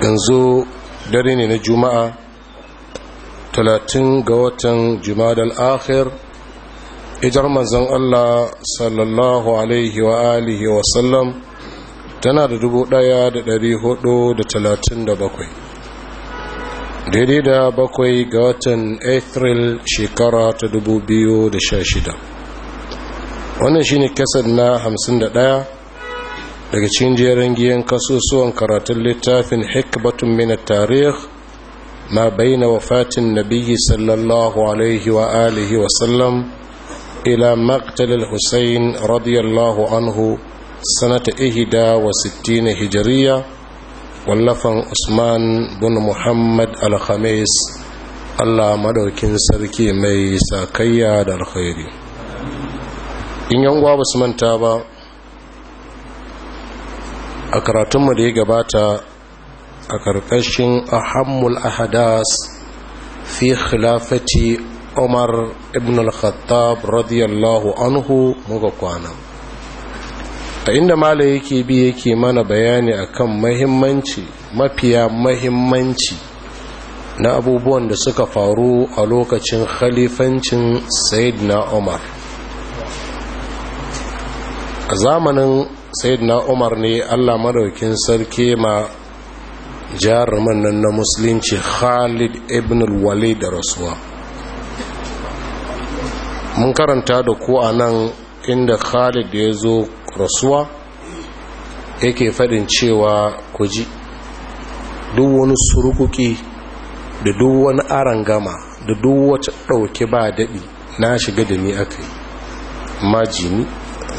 yanzu dare ne na juma'a 30 ga watan jumadal akhir ijar manzon Allah sallallahu alaihi wa alihi wa sallam tana da 1437 daidai da bakwai ga watan april shekara ta da 2016 wannan shine kasar na da 51 daga cikin jerin giyan kasusuwan karatun littafin hikbatun min tarih ma baina wafatin nabiyyi sallallahu alaihi wa alihi wa sallam ila Maktalil husayn radiyallahu anhu sanata ihda wa sittina hijriya wallafan usman bin muhammad al-khamis allah madaukin sarki mai sakayya da alkhairi in yan gwa ba su manta ba a karatunmu da ya gabata a ƙarƙashin ahammul ahadas fi khilafati umar ibn al-khattab radiyallahu anhu muka kwana a inda mala yake bi yake mana bayani akan mahimmanci mafiya mahimmanci na abubuwan da suka faru a lokacin khalifancin na umar a zamanin na umar ne allah madaukin sarki ma jaruman nan na musulunci khalid ibn walid da rasuwa mun karanta da ku a nan inda khalid ya zo rasuwa yake faɗin cewa ku ji duk wani surukuki da duk wani arangama da duk wata ɗauke ba daɗi na shiga da ni aka yi majini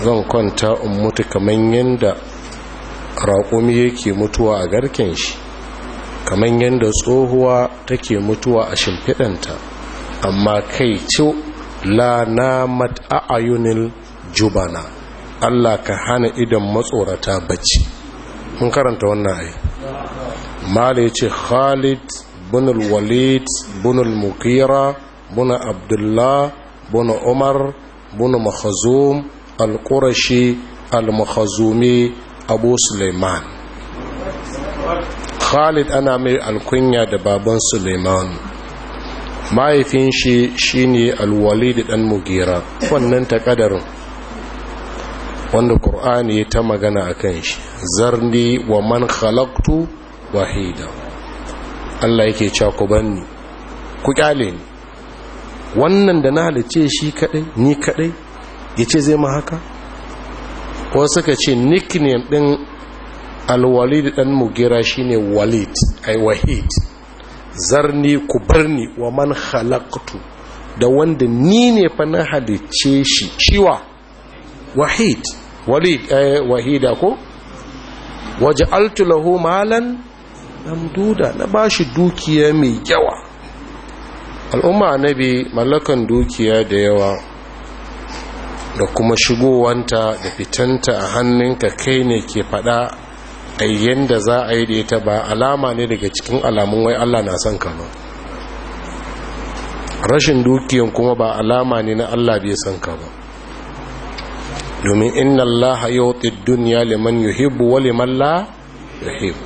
zan kwanta in mutu kamar yadda raƙumi yake mutuwa a garken shi kamar yadda tsohuwa take mutuwa a shimfiɗanta amma kai ce la na jubana Allah ka hana idan matsorata bacci mun karanta wannan ai mala ce Khalid bunul walid bunul mukira mughira Abdullah bin Umar bin Makhzum al-qurashi al abu suleiman khalid ana mai alkunya da baban suleiman mahaifinshi shine al-walid dan mugira wannan takadarin wanda qur'ani ta magana akan shi zarni wa man khalaqtu wahida Allah yake cewa banni ku kyale ni wannan da na halice shi kadai ni kadai ya ce zai ma haka wasu suka ce nickname ɗin alwalid dan mugira shine walid ai wahid zarni ku birni wa man halaktu da wanda ni ne fa na halice shi ciwa wahid walid ai eh, wahida ko waje lahu malan mamduda na bashi dukiya mai kyawa. al'umma na bi mallakan dukiya da yawa da kuma shigowanta da fitanta a hannunka kai ne ke faɗa a yadda za a yi da ita ba alama ne daga cikin alamun wai Allah na son ka ba rashin dukiyan kuma ba alama ne na Allah bai son ka ba domin inna Allah yawti duniya liman yuhibbu wa liman la yuhibbu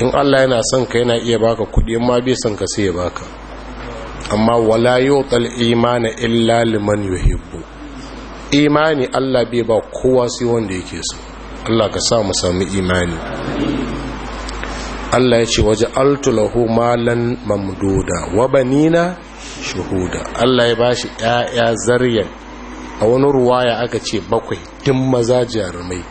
in Allah yana son ka yana iya baka kudi ma bai son ka sai ya baka amma wala yawtal imana illa liman yuhibbu imani Allah bai ba kowa sai wanda yake so Allah ka sa mu samu imani Allah ya ce waje altulahu malan mamduda wa banina shuhuda Allah ya bashi ƴaƴa zaryan a wani ruwaya aka ce bakwai din maza jarumai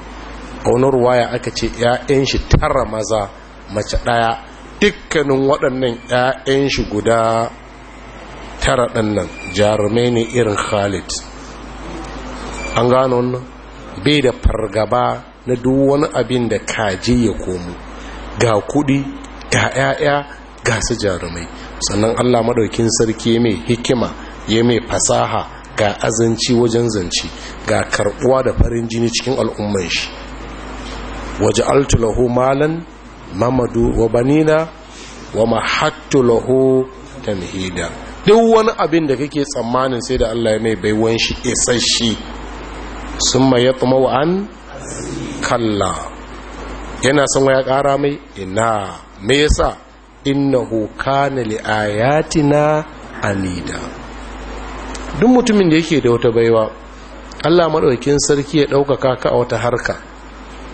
a wani ruwaya aka ce ƴaƴan shi tara maza mace ɗaya dukkanin waɗannan ƴaƴan shi guda tara ɗannan jarumai ne irin Khalid an gano wannan bai da fargaba na duk wani abin da kaji ya komo ga kudi ga 'ya'ya ga su jarumai sannan allah maɗaukin sarki ya mai hikima ya mai fasaha ga azanci wajen zanci ga karbuwa da farin jini cikin al'umman shi waje altulahu malan mamadu wa banina wa mahattulahu tamhida duk wani abin da kake tsammanin sai da Allah ya mai baiwan shi isasshe sun ma ya an kalla yana son ya ƙara mai ina me yasa hoka na li'ayati na anida duk mutumin da yake da wata baiwa Allah maɗaukin sarki ya ɗaukaka ka a wata harka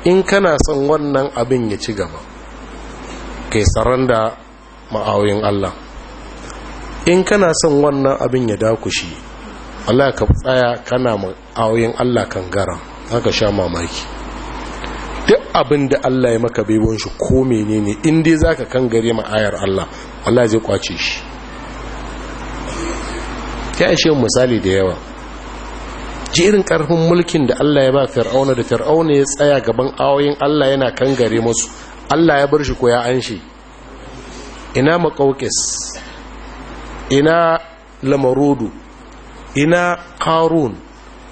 in kana son wannan abin ya ci gaba kai da ma'awuyin Allah in kana son wannan abin ya dakushi Allah ka tsaya kana ayoyin Allah kan gara haka sha mamaki duk abin da Allah ya maka baiwon shi ko menene in dai zaka kan gare ma'ayar Allah Allah zai kwace shi ta ishe misali da yawa ji irin karfin mulkin da Allah ya ba fir'auna da fir'auna ya tsaya gaban ayoyin Allah yana kan gare musu Allah ya bar shi ko ya an shi ina makaukes ina lamarudu ina karun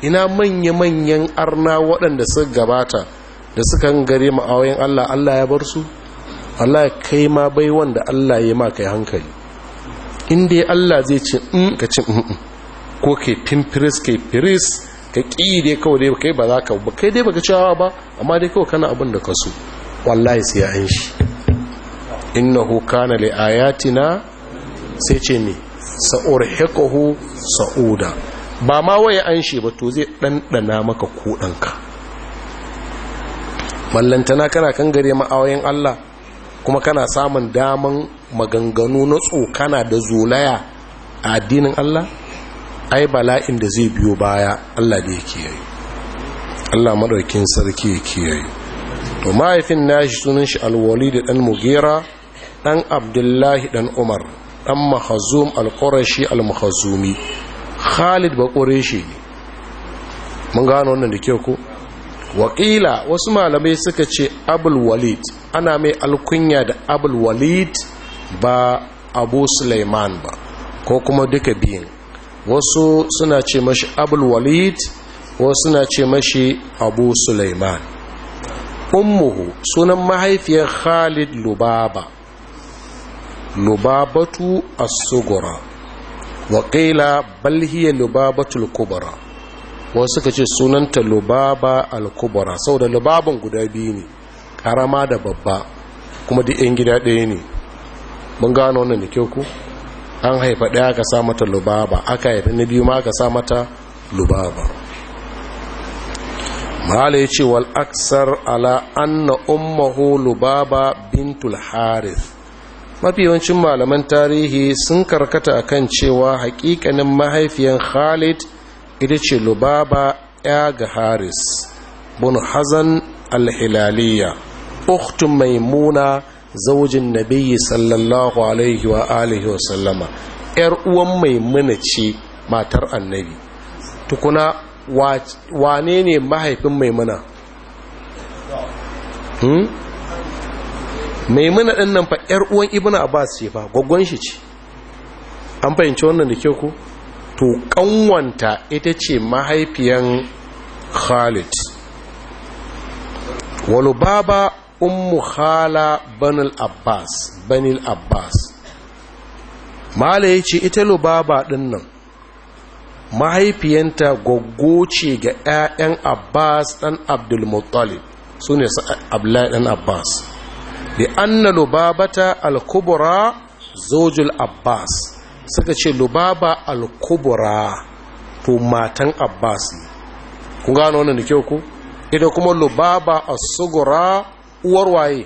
ina manya-manyan arna waɗanda suka gabata da suka gare ma'awayin allah allah ya bar su allah ya kai ma bai wanda allah ya ma kai hankali inda allah zai ce in mm, ka ci in mm, mm. ko kai timfiris ke firis ka ƙi dai kawai dai kai ba za ka ba kai dai baka cewa ba amma dai kawai kana abin da ka so wallahi sai ya an shi innahu kana li ayatina sai ce ne. Sa'ur sa'urhiquhu sa'uda ba ma waye an shi ba to zai ɗanɗana maka kuɗanka mallantana kana kan gare ma'awayin Allah kuma kana samun daman maganganu na tsokana da zolaya a addinin Allah ai bala'in da zai biyo baya Allah da ya kiyaye Allah madaukin sarki ya kiyaye to mahaifin nashi sunan shi alwali da ɗan mugera ɗan abdullahi ɗan umar ɗan mahazum al-qurashi al-mahazumi khalid ba qurashi ne mun gano wannan da kyau ko waƙila wasu malamai suka ce abul walid ana mai alkunya da abul walid ba abu sulaiman ba ko kuma duka biyun wasu suna ce mashi abul walid wasu suna ce mashi abu sulaiman ummuhu sunan mahaifiyar khalid lubaba lubabatu asugura sughra wa qila bal hiya lubabatu al-kubra wasu suka ce sunanta lubaba al-kubra saboda lubaban guda biyu ne karama da babba kuma duk yan gida ɗaya ne mun gano wannan da kyau ku an haifa ɗaya aka sa mata lubaba aka haifa na biyu ma aka sa mata lubaba mahala ya ce wal aksar ala anna ummahu lubaba bintul harith mafi yawancin malaman tarihi sun karkata a kan cewa hakikanin mahaifiyan khalid ita ce lubaba ya ga haris bin hazan alhilaliya uktun maimuna zaujin nabiyyi sallallahu alaihi wa alihi wa sallama yar uwan maimuna ce matar annabi tukuna wane ne mahaifin maimuna hmm? maimuna ɗin nan fa uwan ibn abbas ce fa gwaggon shi ce an fahimci wannan da ke ku to ƙanwanta ita ce mahaifiyan khalid wani baba ummu khala banil abbas banil abbas mala ya ce ita lubaba ɗin nan mahaifiyanta gwaggo ce ga 'ya'yan abbas ɗan abdulmuttalib su ne su abdullahi ɗan abbas bi anna lubabata al-kubra zojul abbas suka ce lubaba al-kubra to matan abbas ne kun gano wannan da kyau ku ita kuma lubaba as-sughra uwar waye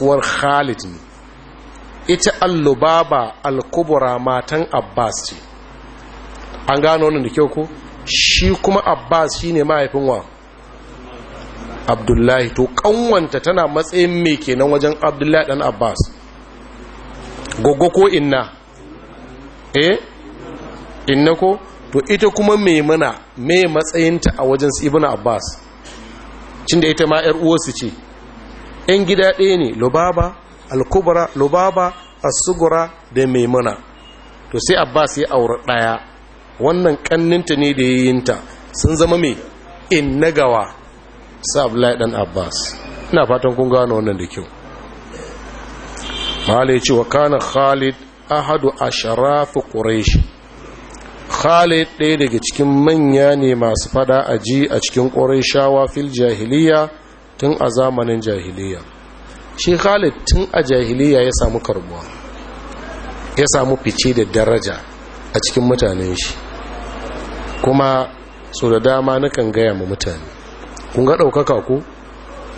uwar khalid ne ita al-lubaba al-kubra matan abbas ce an gano wannan da kyau ku shi kuma abbas shine mahaifin wa abdullahi to kanwanta tana matsayin mai kenan wajen abdullahi dan abbas gogo ko inna eh inna ko to ita kuma mai mana mai matsayinta a wajen su ibn abbas cinda ita ma yar uwarsu ce yan gida ɗaya ne lubaba alkubra lubaba asugura da mai mana, to sai abbas ya aure ɗaya wannan kanninta ne da yayinta sun zama mai inna gawa sa abdullahi dan abbas ina fatan kun gano wannan da kyau malai ce wa kana khalid ahadu a asharafu quraish khalid ɗaya daga cikin manya ne masu fada a ji a cikin qurayshawa fil jahiliya tun a zamanin jahiliya shi khalid tun a jahiliya ya samu karbuwa ya samu fice da daraja a cikin mutanen shi kuma so da dama nakan gaya ma mutane kun ga ɗaukaka ko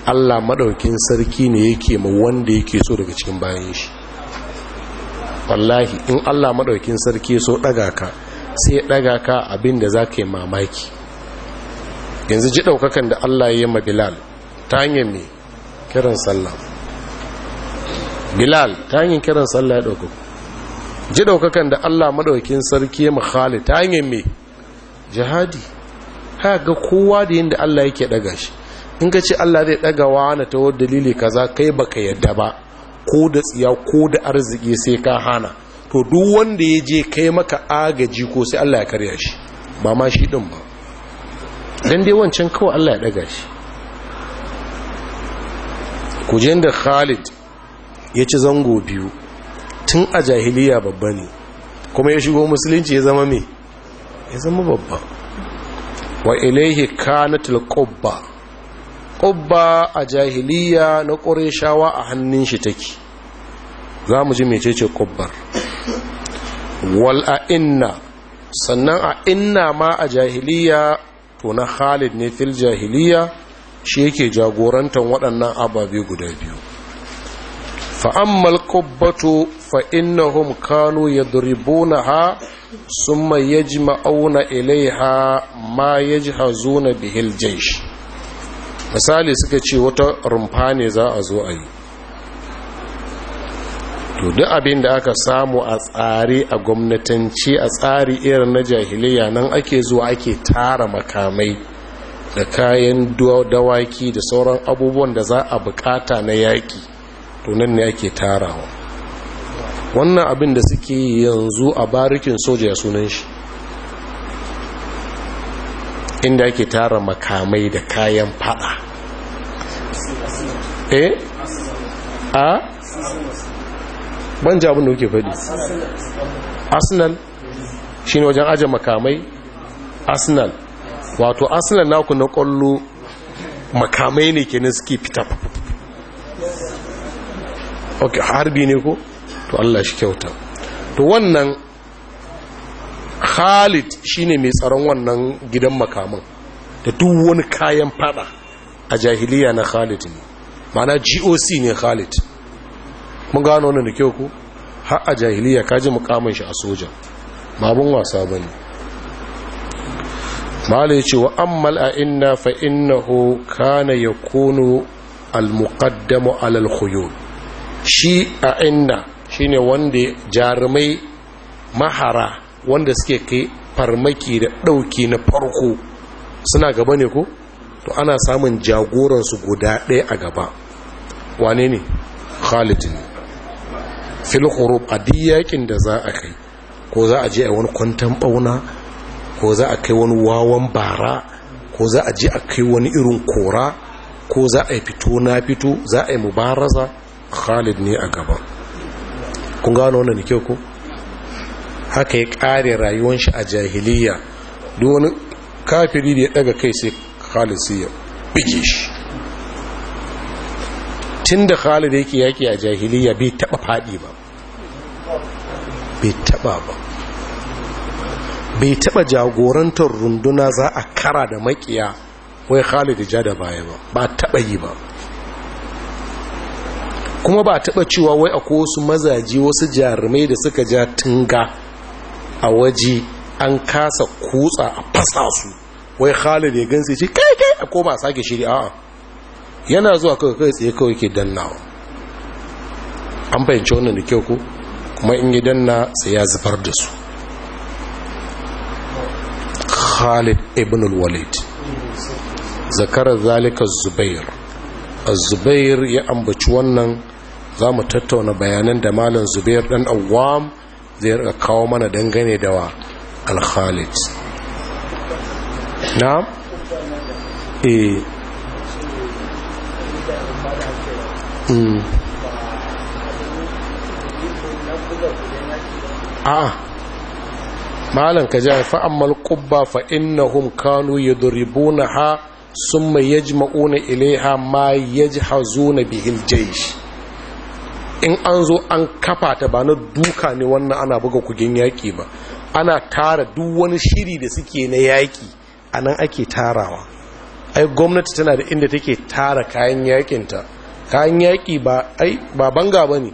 allah maɗaukin sarki ne yake ma wanda yake so daga cikin bayan shi wallahi in allah maɗaukin sarki so ɗaga ka sai ɗaga ka abin da za ka yi mamaki yanzu ji ɗaukakan da allah ya yi ma bilal ta hanyar mai kiran sallah bilal ta hanyar kiran sallah ya ɗauka ji ɗaukakan da allah maɗaukin sarki ya ma khalid ta hanyar mai jihadi ka ga kowa da yadda Allah yake daga shi in ka ce Allah zai daga wani ta wadda dalili kaza kai baka yadda ba ko da tsiya ko da arziki sai ka hana to duk wanda ya je kai maka agaji ko sai Allah ya karya shi ba ma shi din ba dan dai wancan kawai Allah ya daga shi kujen da Khalid ya ci zango biyu tun a jahiliya babba ne kuma ya shigo musulunci ya zama me ya zama babba wa ilaihi kanatul qubba qubba a jahiliya na qurayshawa a hannun shi take zamu mu ji mecece qubbar wal a inna sannan a inna ma a jahiliya to na Khalid ne fil jahiliya shi yake jagorantar waɗannan ababe guda biyu fa'ammal ƙubbatu fa'innahum Kano ya duribuna ha sun mai ya ji ma'auna ma bihil misali suka ce wata rumfa ne za a zo a yi to duk abin da aka samu a tsari a gwamnatanci a tsari irin na jahiliya nan ake zuwa ake tara makamai da kayan dawaki da sauran abubuwan da za a bukata na yaki to nan ne ake tarawa wannan abin da suke yanzu a barikin soja ya sunan shi inda ake tara makamai da kayan fada eh a ban jabin da kuke faɗi arsenal shi ne wajen aje makamai arsenal wato arsenal naku na ƙwallo makamai ne kenan suke fita ok harbi ne ko to Allah shi kyauta to wannan Khalid shine mai tsaron wannan gidan makaman da duk wani kayan fada a jahiliya na Khalid ne mana GOC ne Khalid mun gano wannan da kyau ko har a jahiliya kaji mukamin shi a soja babun wasa bane malai ce wa ammal a inna fa innahu kana yakunu al-muqaddamu alal khuyul shi a inna ne wanda jarumai mahara wanda suke kai farmaki da ɗauki na farko suna gaba ne ko to ana samun jagoransu guda ɗaya a gaba wane ne khalid ne a a yakin da za a kai ko za a je a wani kwantan ɓauna ko za a kai wani wawan bara ko za a je a kai wani irin kora ko za a fito na fito za a yi mubaraza khalid ne a gaba kun gano wannan kyau ko haka ya kare rayuwar shi a jahiliya duk wani kafiri da ya daga kai sai khalid sai ya bige shi tunda khalid yake yaki a jahiliya bai taba fadi ba bai taba ba bai taba jagorantar runduna za a kara da makiya wai khalid ja da baya ba ba taba yi ba kuma ba taba cewa wai akwai wasu mazaji wasu jarumai da suka ja tunga a waje an kasa kutsa a fasa su wai khalid ya gansu ce kai kai a koma a sake shiri a'a yana zuwa kawai kai tsaye kawai ke dannawa an fahimci wannan da kyau ko kuma in yi danna sai ya zubar da su khalid ibn walid zakarar zalika zubair zubair ya ambaci wannan za mu tattauna bayanan da malam zubair dan awam zai rika kawo mana dangane da wa alkhalid na eh hmm. a malam ka malƙubba fa’in na hun kanu ya na ha sun mai yajma'una ha ma yajhazuna bihil jaish in an zo an kafa ta ba na duka ne wannan ana buga kugin yaƙi ba ana tara duk wani shiri da suke na yaƙi a nan ake tarawa ai gwamnati tana da inda take tara kayan yaƙinta kayan yaƙi ba banga ba ne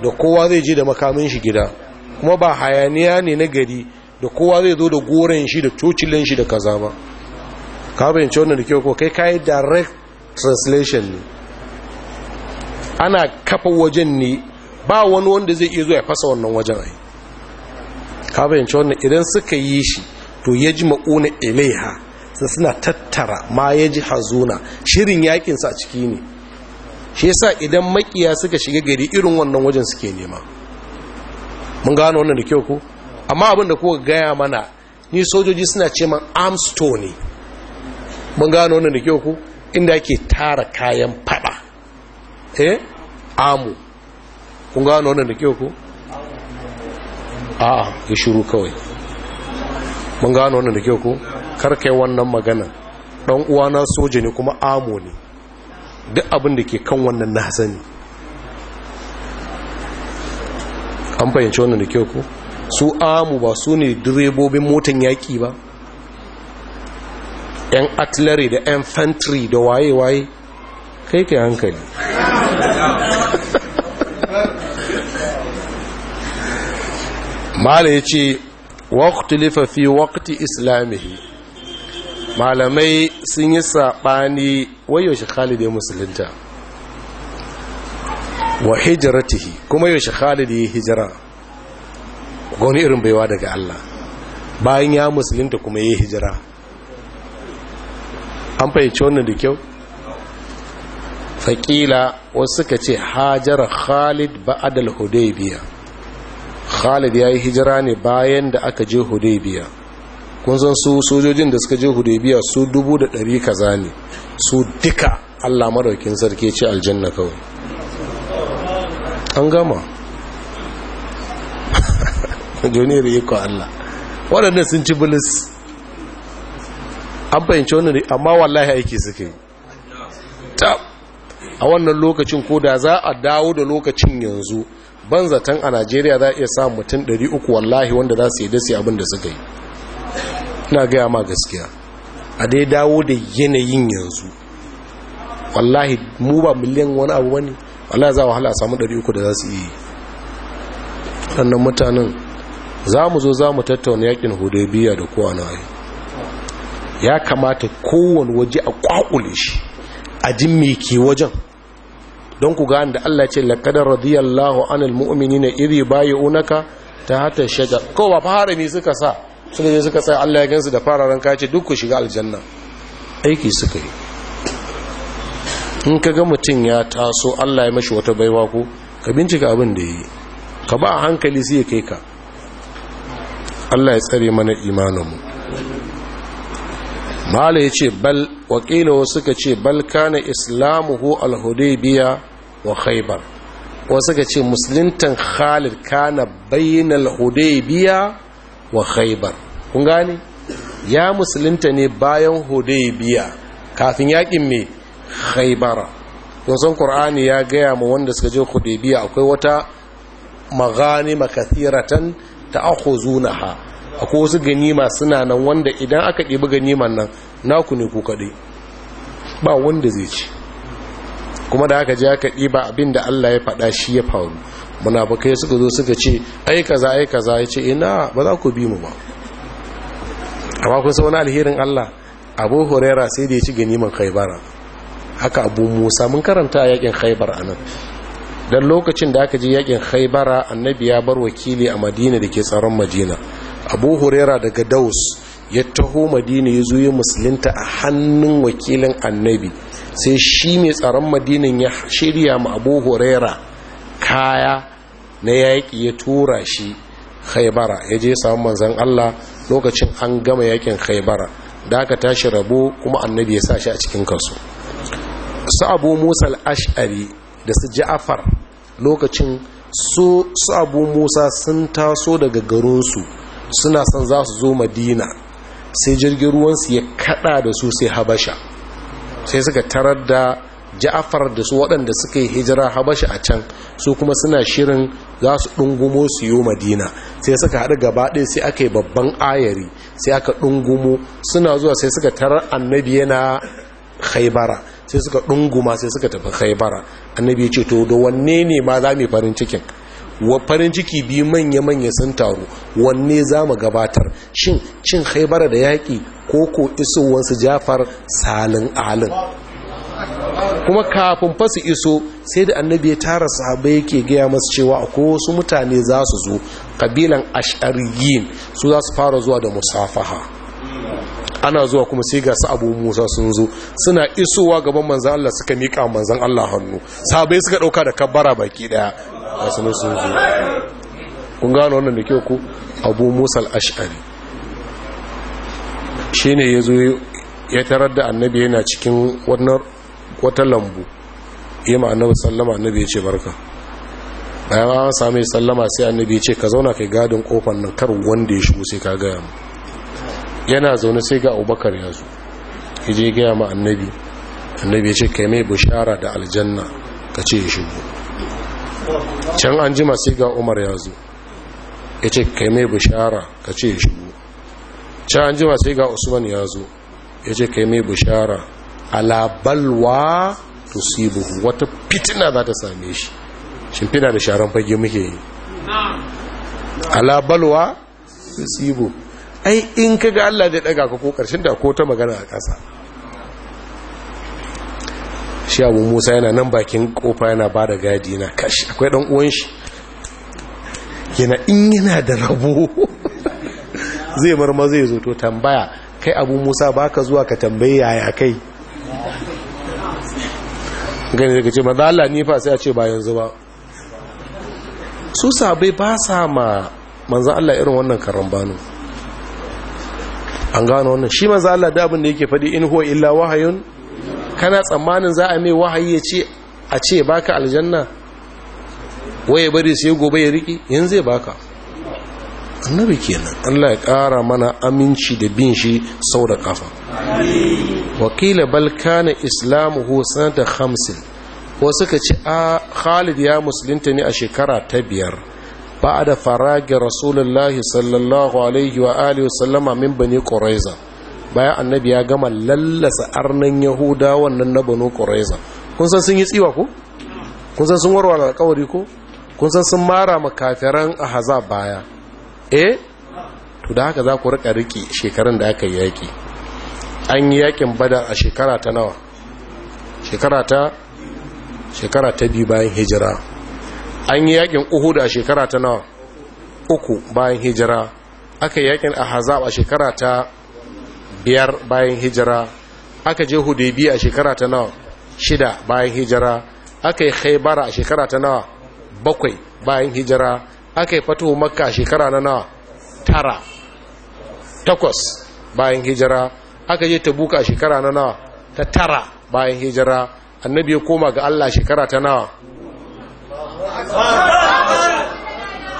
da kowa zai je da makamin shi gida kuma ba hayaniya ne na gari da kowa zai zo da goren shi da cocilin shi da kaza ba ka bayyance wannan da kyau ko kai kayi direct translation ne ana kafa wajen ne ba wani wanda zai iya zuwa ya fasa wannan wajen ai ka bayyance wannan idan suka yi shi to ya ji ma'una ilaiha sai suna tattara ma ya ji hazuna shirin yakin a ciki ne shi yasa idan makiya suka shiga gari irin wannan wajen suke nema mun gano wannan da kyau ku amma abin da kuka gaya mana ni sojoji suna ce man armstone mun gano wannan da kyau ku inda ake tara kayan fada eh amu kun gano wannan da kyau ko a'a ya shiru kawai mun gano wannan da kyau ko karkai wannan magana dan uwana soja ne kuma amu ne duk abin da ke kan wannan na hasani an fahimci wannan da kyau ko su amu ba su ne direbobin motan yaƙi ba yan artillery da infantry da waye-waye kai kai hankali mala ya ce waqtulifa fi waqti islamihi malamai sun yi saɓani wayaushe khalid ya musulunta wa hijiratihi kuma yaushe khalid ya hijira gani irin baiwa daga Allah bayan ya musulunta kuma ya hijira an fahimci wannan da kyau faƙila wasu ka ce hajjara khalid ba'adal hudaybiya khalid ya yi hijira ne bayan da aka je hudaybiya kun san su sojojin da suka je hudaybiya su dubu da ɗari kaza ne su duka allah maɗaukin sarki ce aljanna kawai an gama joniyar iko allah waɗannan sun ci bilis an fahimci wani amma wallahi aiki suke a wannan lokacin ko da za a dawo da lokacin yanzu ban zaton a najeriya za a iya samun mutum 300 wallahi wanda za su yi dasi abin da suka yi ina gaya ma gaskiya a dai dawo da yanayin yanzu wallahi mu ba miliyan wani abu wani wallahi za a wahala a samu 300 da za su yi waɗannan mutanen za mu zo za mu tattauna yakin biya da kowa ya kamata kowane waje a kwakule shi a jin me ke wajen don ku gane da Allah ce laƙadar radiyallahu iri bayi unaka ta hatar shajar ko ba harami suka sa suka je suka sa Allah ya gansu da fararen kace duk ku shiga aljanna aiki suka yi in ka ga mutum ya taso Allah ya mashi wata baiwa ku ka bincika abin da yi ka ba a hankali sai kai ka Allah ya tsare mana imaninmu mala ya ce bal wakilawa suka ce bal kana islamuhu al wa khaybar wasu ka ce musulintan khalid kana bainal hudaybiya wa khaybar kun gane ya musulunta ne bayan hudaybiya kafin yakin me khaibar Wasu qur'ani ya gaya mu wanda suka je hudaybiya akwai wata magani makathiratan ta'khuzunaha akwai wasu ganima suna nan wanda idan aka ɗibi ganiman nan naku ne ku kaɗai ba wanda zai ci kuma da aka je aka ɗiba abin da Allah ya faɗa shi ya faru munafukai suka zo suka ce ai kaza ai kaza ya ina ba za ku bi mu ba amma kun san wani alherin Allah Abu Huraira sai da ya ci ganiman khaibara haka Abu Musa mun karanta a yakin Khaibar anan dan lokacin da aka je yakin khaibara annabi ya bar wakili a Madina da ke tsaron Madina Abu Huraira daga Daus ya taho Madina ya zo ya musulunta a hannun wakilin annabi sai shi mai tsaron madinan ya shirya ma abu horera kaya na yaƙi ya tura shi haibara ya je samun manzan Allah lokacin an gama yaƙin haibara da aka tashi rabo kuma annabi ya sa shi a cikin kasu su abu musa al'ash'ari da su ja'afar lokacin su abu musa sun taso daga garinsu suna son za su zo madina sai jirgin ruwansu ya kada da su sai habasha sai suka tarar da ja'afar da su waɗanda suka yi hijira habashi a can su kuma suna shirin za su ɗungumo su yi madina sai suka haɗu gaba sai aka yi babban ayari sai aka ɗungumo suna zuwa sai suka tarar annabi yana haibara sai suka ɗunguma sai suka tafi haibara annabi ya ce to da wanne ne ma za mu farin cikin farin ciki biyu manya-manya sun taru wanne za mu gabatar shin cin haibara da yaƙi ko ko isowarsu jafar salin alin kuma kafin fasu iso sai da annabi ya tara sahaba yake gaya masu cewa akwai wasu mutane za su zo kabilan ash'ariyin su za su fara zuwa da musafaha ana zuwa kuma sai ga su abu musa sun zo suna isowa gaban manzan Allah suka miƙa manzan Allah hannu sahabai suka ɗauka da kabbara baki ɗaya a sun zo kun gano wannan da kyau ku abu musa al'ash'ari shi ne ya zo ya tarar da annabi yana cikin wata lambu ya ma annabi sallama annabi ya ce barka bayan an sami sallama sai annabi ya ce ka zauna kai gadin kofar nan kar wanda ya shigo sai ka gaya mu yana zaune sai ga abubakar ya zo ya je gaya ma annabi annabi ya ce kai mai bishara da aljanna ka ce ya shigo can an jima sai ga umar ya zo ya ce kai mai bishara ka ce ya shigo can an jima sai ga usman ya zo ya ce kai mai bishara alabalwa tusibuhu wata fitina za ta same shi shimfina da sharan fage muke yi alabalwa sibu. ai in ka ga allah zai daga ka ko karshen da ko ta magana a ƙasa shi abu musa yana nan bakin kofa yana ba da gadi na kashi akwai ɗan uwan shi yana in yana da rabo zai bar zai zo to tambaya kai abu musa ba ka zuwa ka tambayi yaya kai gani daga ce maza Allah ni fa sai a ce ba yanzu ba su sabai ba sa ma manzan Allah irin wannan karambanu an gano wannan shi maza Allah da da yake faɗi in huwa illa wahayun kana tsammanin za a mai wahayi ya ce a ce baka aljanna waye bari sai gobe ya riki yanzu zai baka annabi kenan Allah ya ƙara mana aminci da bin shi sau da ƙafa wakila balkana islamu hosan da hamsin wasu ka ci a khalid ya musulunta ne a shekara ta biyar ba da farage rasulullahi sallallahu alaihi wa alihi wasallama min bane ƙoraiza bayan annabi ya gama lallasa arnan yahuda wannan na bani ƙoraiza kun san sun yi tsiwa ko kun san sun warware alƙawari ko kun san sun mara makafiran ahzab baya eh to da haka za ku rika riki shekarun da aka yi yaki an yi yakin bada a shekara ta nawa shekara ta shekara ta biyu bayan hijira an yi yakin uhu a shekara ta nawa uku bayan hijira aka yi yakin hazab a shekara ta biyar bayan hijira aka je biyu a shekara ta nawa shida bayan hijira aka yi haibara a shekara ta nawa bakwai bayan hijira aka yi fato makka shekara na tara takwas bayan hijira aka je tabuka shekara na ta tara bayan hijira annabi ya koma ga Allah shekara ta nawa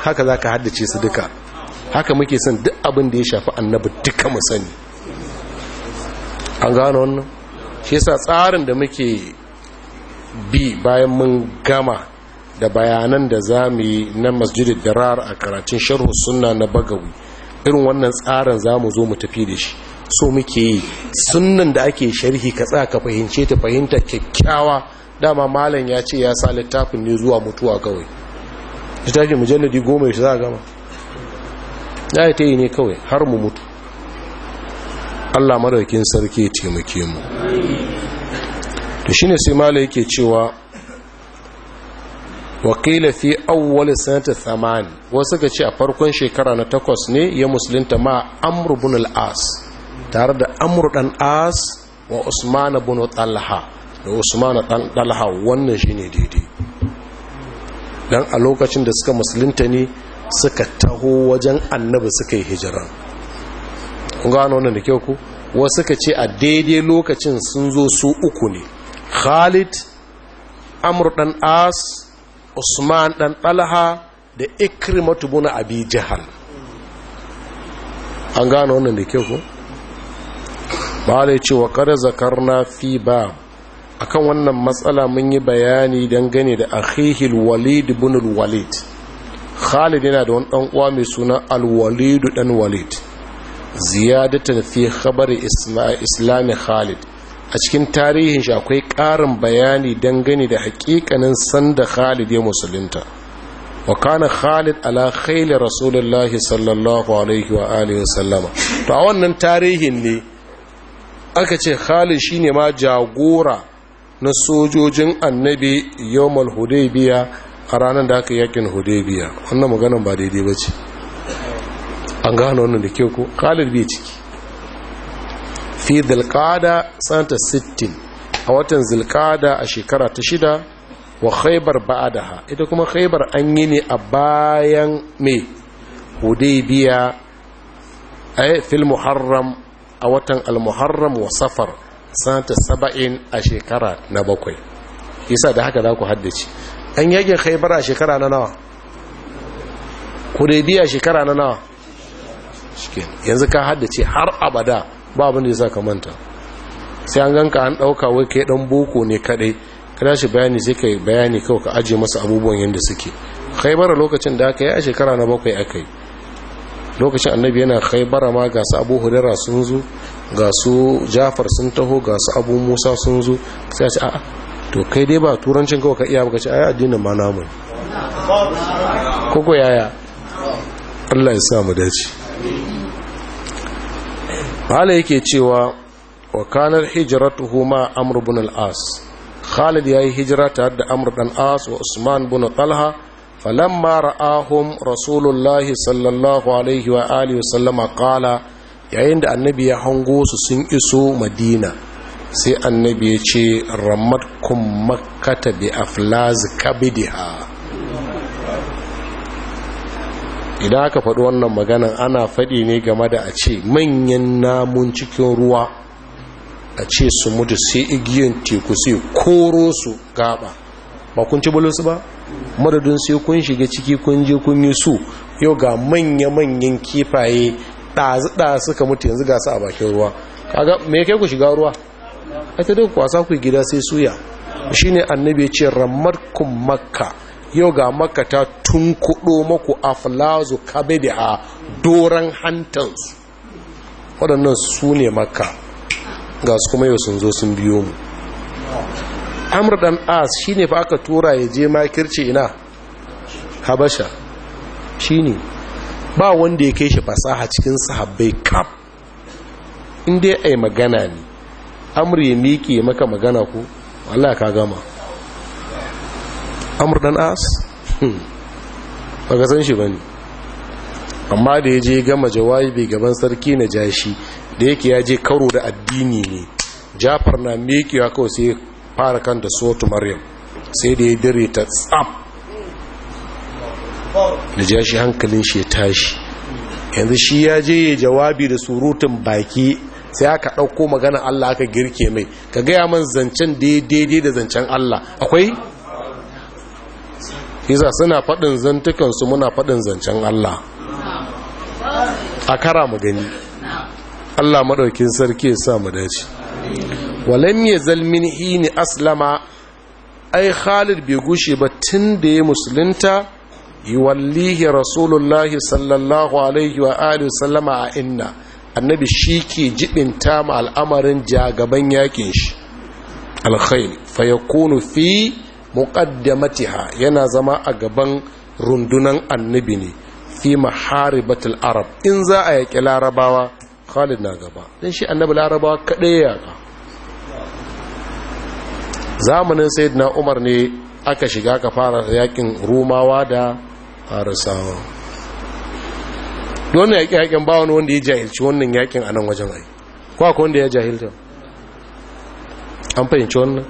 haka za ka haddace su duka haka muke son duk abin da ya shafi annabi duka mu sani an gano wannan shi yasa tsarin da muke bi bayan mun gama da bayanan da za mu yi na masjidin darar a karatun sharhu sunna na bagawi irin wannan tsarin za mu zo mu tafi da shi so muke yi Sunan da ake sharhi ka tsaka ka fahimce ta fahimta kyakkyawa dama malam ya ce ya sa littafin ne zuwa mutuwa kawai littafin mujalladi goma shi za a gama ya yi ta yi ne kawai har mu mutu allah maraukin sarki ya taimake mu to shine sai malam yake cewa wakilafi fi awwal sanata wasu kace a farkon shekara na takwas ne ya musulunta ma amru bin tare da amru dan as wa usman bin da usman dan talha wannan shine daidai dan a lokacin da suka musulunta ne suka taho wajen annabi suka yi hijira kun wannan da kyau ku wasu kace a daidai lokacin sun zo su uku ne khalid amru dan as usman dan ɗalha da ikrimatu buna abi jahal an gano wannan da ke ku ba da ce wa kada zakarna fi ba akan wannan matsala mun yi bayani dangane da akhihil walid bin walid khalid yana da wani dan uwa mai suna al-walid dan walid ziyadatan fi khabari islami khalid a cikin tarihin shi akwai ƙarin bayani dangane da hakikanin sanda khalid ya musulunta wa kana khalid ala khaili rasulullahi sallallahu alaihi wa alihi sallama to a wannan tarihin ne aka ce khalid shine ma jagora na sojojin annabi yawmal hudaybiya a ranar da aka yakin hudaybiya wannan maganan ba daidai bace an gano wannan da ke ko khalid bai ciki fi zilkada sanata 60 a watan zilkada a shekara ta shida wa khaibar ba'adaha ita kuma khaibar an yi ne a bayan mai hudaybiya a fil muharram a watan al-muharram wa safar sanata 70 a shekara na bakwai isa da haka za ku haddace an yage khaibar a shekara na nawa hudaybiya shekara na nawa yanzu ka haddace har abada ba abin da ya sa ka manta sai an ganka an ɗauka wai kai ɗan boko ne kaɗai kada shi bayani sai kai bayani kawai ka ajiye masa abubuwan yanda suke khaibara lokacin da aka yi a shekara na bakwai akai lokacin annabi yana khaibara ma ga su abu hudara sun zo ga su jafar sun taho ga su abu musa sun zo sai a ce a'a to kai dai ba turancin kawai ka iya baka ce a'ya addinin ma namu koko yaya Allah ya sa mu dace hala yake cewa wa kanar hijiratuhu ma amr bin al-as khalid yayi hijira ta da amr dan as wa usman bin talha falamma ra'ahum rasulullahi sallallahu alaihi wa alihi sallama qala yayin da annabi ya hango su sun iso madina sai annabi ya ce ramatkum makkata bi aflaz kabidiha idan aka faɗi wannan maganan ana faɗi ne game da a ce manyan namun cikin ruwa a ce su mutu sai igiyan teku sai koro su gaba ba kun ci bulus ba madadin sai kun shiga ciki kun je kun yi su yau ga manya-manyan kifaye ɗazu suka mutu yanzu gasa a bakin ruwa kaga me kai ku shiga ruwa ai ta duk kwasa ku gida sai suya shine annabi ya ce kun makka yau ga makata ta tunkuɗo maku a falazu da a doran hantansu waɗannan su ne maka. ga su kuma yau sun zo sun biyo mu amur ɗan as shi ne fa aka tura ya je makirci ina habasha shi ne ba wanda ya kai shi fasaha cikin sahabbai kam inda ya magana ne amur ya miƙe maka magana ku? Allah ka gama amur dan as hmm. ba ga san shi ba ne amma da ya je gama jawabi gaban sarki na jashi da yake ya je karo da addini ne jafar na mekiwa kawai sai fara kan da sotu maryam sai da ya dire ta tsab da jashi hankalin shi ya tashi yanzu shi ya je ya jawabi da surutun baki sai aka ɗauko magana Allah aka girke mai ka gaya man zancen daidai da zancen Allah akwai yasa suna faɗin zantukansu muna faɗin zancen Allah a kara mu gani Allah maɗaukin sarki ya sa mu dace walam ya zalmin ini aslama ai khalid bai gushe ba tun da ya musulunta yi wallihi rasulullahi sallallahu alaihi wa alihi sallama a inna annabi shi ke jibin ma al'amarin jagaban yakin shi alkhairi fa yakunu fi muqaddamatiha yana zama a gaban rundunan annabi ne fi maharibatul arab in za a yaƙi larabawa khalid na gaba dan shi annabi larabawa kaɗai ya ka. zamanin sayyidina umar ne aka shiga ka fara yaƙin rumawa da arsawa don yaƙi-yaƙin ba wani wanda ya jahilci wannan yaƙin a nan wajen ai kwa wanda ya jahilta an fahimci wannan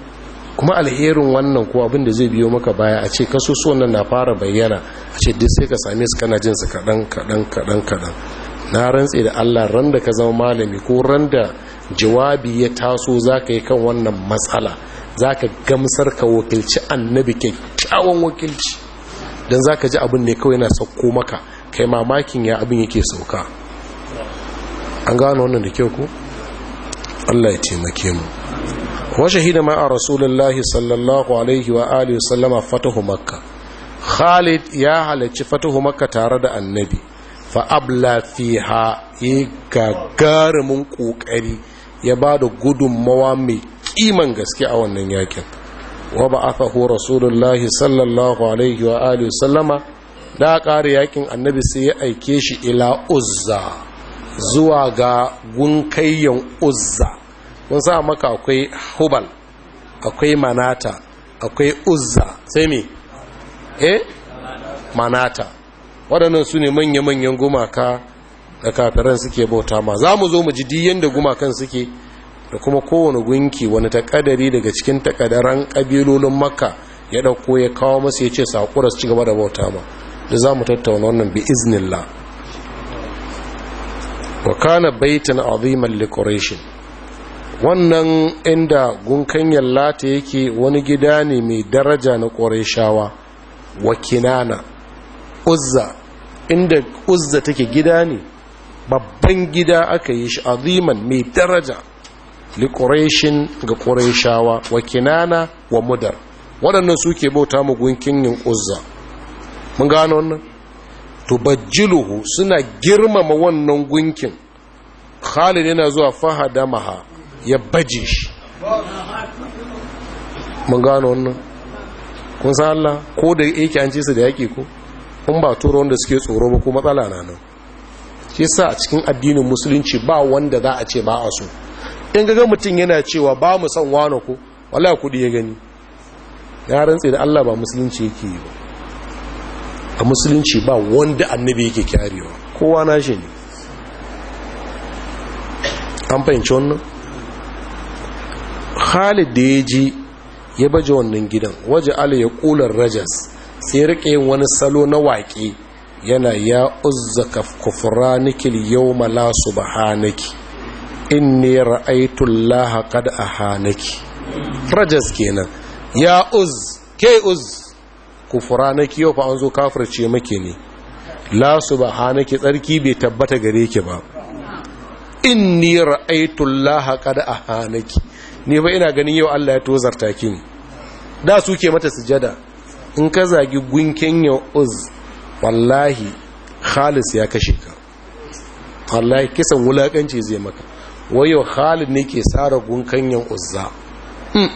kuma alherin wannan ko abin zai biyo maka baya a ce kasusuwan nan na fara bayyana a ce duk sai ka same su kana jin su kaɗan kaɗan kaɗan kaɗan na rantse da allah ran da ka zama malami ko ran da jawabi ya taso za ka yi kan wannan matsala za ka gamsar ka wakilci annabi kyakkyawan wakilci don za ka ji abin ne kawai na sauko maka kai mamakin ya abin yake sauka an gano wannan da kyau ko allah ya taimake mu wa shahida ma a rasulullahi alaihi wa alihi sallama fatahu maka khalid ya halacci fatahu maka tare da annabi fa abla fiha e gagarumin ƙoƙari ya ba da gudummawa mai kiman gaske a wannan yakin wa ba aka hu rasulullahi alaihi wa alihi sallama da kare yakin annabi sai ya aike shi ila uzza zuwa ga gunkayyan uzza kun sa maka akwai hubal akwai manata akwai uzza sai me eh manata waɗannan su ne manya-manyan gumaka da kafiran suke bauta ma za mu zo mu ji diyan da gumakan suke da kuma kowane gunki wani takadari daga cikin takadaran ƙabilolin makka ya ɗauko ya kawo masu ya ce saƙura su ci gaba da bauta ma da za mu tattauna wannan bi iznillah wa kana baitin aziman li wannan inda gunkan yallata yake wani gida ne mai daraja na ƙorishawa wa kinana uzza inda uzza take gida ne babban gida aka yi shi aziman mai daraja liƙoreshin ga ƙorishawa wa kinana wa mudar waɗannan su ke bauta mu gunkin yin uzza mun gano wannan tubajjiluhu suna girmama wannan gunkin khalid yana zuwa fahadamaha ya baje shi mun gano wannan kun san Allah ko da yake an ce su da yaki ko kun ba turo wanda suke tsoro ba ko matsala na nan shi sa a cikin addinin musulunci ba wanda za a ce ba a so in ga mutum yana cewa ba mu san wane ko wala kuɗi ya gani ya rantse da Allah ba musulunci yake yi ba a musulunci ba wanda annabi yake kyarewa kowa na shi ne an fahimci wannan khalid da ya ji ya baje wannan gidan waje ala ya kular rajas sai rike wani salo na waƙe yana ya uzza kufranikil yawma la subhanaki inni ra'aytu allaha qad ahanaki rajas kenan ya uz ke uz naki yau fa an zo kafirce maki ne la subhanaki tsarki bai tabbata gare ki ba inni ra'aytu allaha qad ahanaki ni ba ina ganin yau Allah ya tozarta ki ne da suke mata sujada in ka zagi gunken yau uz wallahi khalis ya kashe ka wallahi kisan wulakanci zai maka wayo khalid ne ke sara gunkan yau uzza hmm.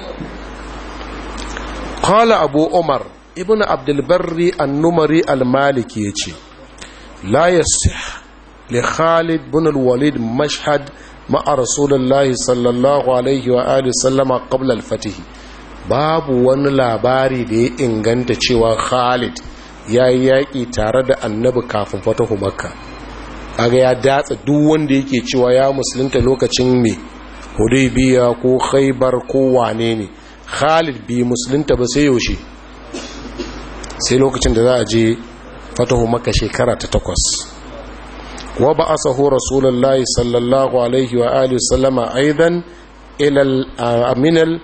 qala abu umar ibnu abdul barri an-numari al-maliki yace la yasih li khalid bin walid mashhad ma'a rasulullahi sallallahu alaihi wa sallama qabla al babu wani labari da ya inganta cewa Khalid ya yi yaƙi tare da annabi kafin fatahu makka kaga ya datse duk wanda yake cewa ya musulunta lokacin me biya ko khaybar ko wane ne Khalid bi musulunta ba sai yaushe sai lokacin da za a je fatahu makka shekara ta takwas wa ba'asahu rasulullahi sallallahu alaihi wa alihi sallama aidan ilal aminal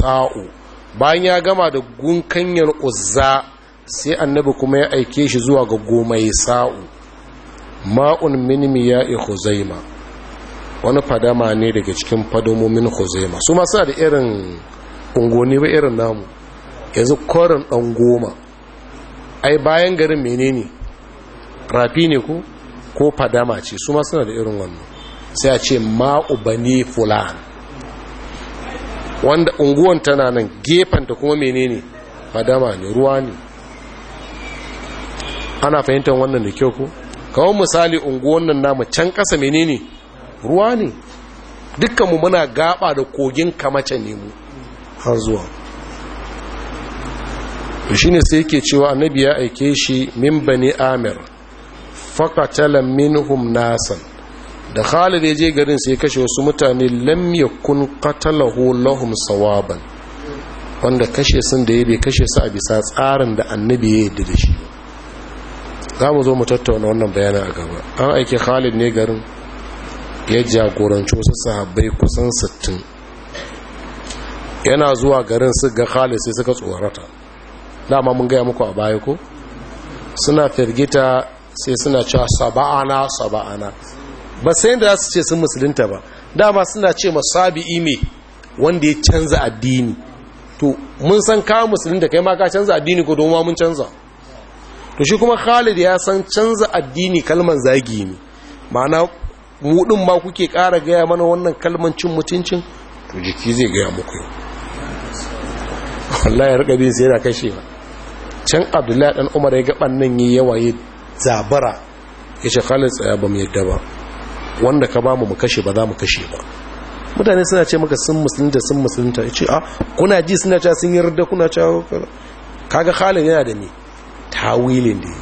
Sa'u bayan ya gama da gunkanyar uzza sai annabi kuma ya aike shi zuwa ga gomai sa'u ma'un min miya'i huzaima wani fadama ne daga cikin fadomomin huzaima su masu da irin ungoni ba irin namu yanzu korin ɗan goma ai bayan garin menene rafi ne ko ko fadama ce su ma suna da irin wannan sai a ce ma'u fulan wanda unguwan tana nan gefanta kuma menene fadama ne ruwa ne ana fahimtar wannan da kyau ko kawo misali unguwan nan namu can kasa menene ruwa ne dukkanmu muna gaba da kogin kamace ne mu har zuwa shi ne sai ke cewa annabi ya aike shi min bani amir faƙatala minhum nasan da khalid ya je garin sai kashe wasu mutane lam yakun qatalahu lahum sawaban wanda kashe sun da ya kashe su a bisa tsarin da annabi ya yi da shi za mu zo mu tattauna wannan bayanin a gaba an aiki khalid ne garin ya jagoranci wasu sahabbai kusan sittin. yana zuwa garin su ga khalid sai suka tsorata dama mun gaya muku a baya ko suna firgita sai suna cewa saba'ana saba'ana ba sai yadda za su ce sun musulunta ba dama suna ce ma masabi'i me wanda ya canza addini to mun san kawo musulunta kai ma ka canza addini ko domin mun canza to shi kuma khalid ya san canza addini kalman zagi ne ma'ana mudin ma kuke kara gaya mana wannan kalman cin mutuncin to jiki zai gaya muku yau wallahi sai yana kashe ba can abdullahi dan umar ya gaban nan yi yawa yi zabara ya ce khalid tsaya ba mu yadda ba wanda ka ba mu mu kashe ba za mu kashe ba mutane suna ce maka sun musulunta sun musulunta ya ce a ah, kuna ji suna cewa sun rida kuna cewa kaga khalid yana da me tawilin da yi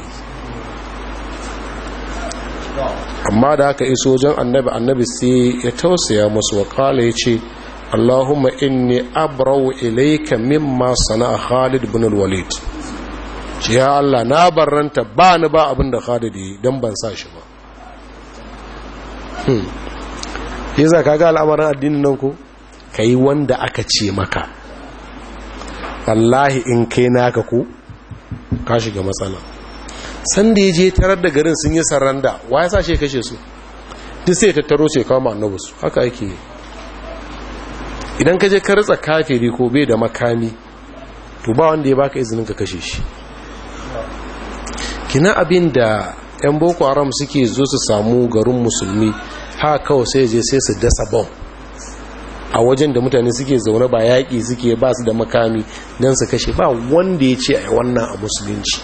amma da aka iso wajen annabi annabi sai ya tausaya musu wa kala ya ce allahumma inni abrau ilaika mimma sana'a khalid bin walid ce ya Allah na barranta ba ni ba abin da Khalid yi dan ban sa shi ba hmm. ka ga al'amarin addinin nan ko kai wanda aka ce maka wallahi in kai naka ko ka shiga matsala sanda ya je tarar da garin sun yi saranda wa ya sa shi kashe su duk sai tattaro sai kawo annabi su haka yake idan ka je ka ritsa kafiri ko bai da makami to ba wanda ya baka izinin ka kashe shi kina abin da 'yan boko haram suke zo su samu garin musulmi ha kawai sai je sai su dasa bom a wajen da mutane suke zaune ba yaƙi suke ba su da makami don su kashe ba wanda ya ce a wannan a musulunci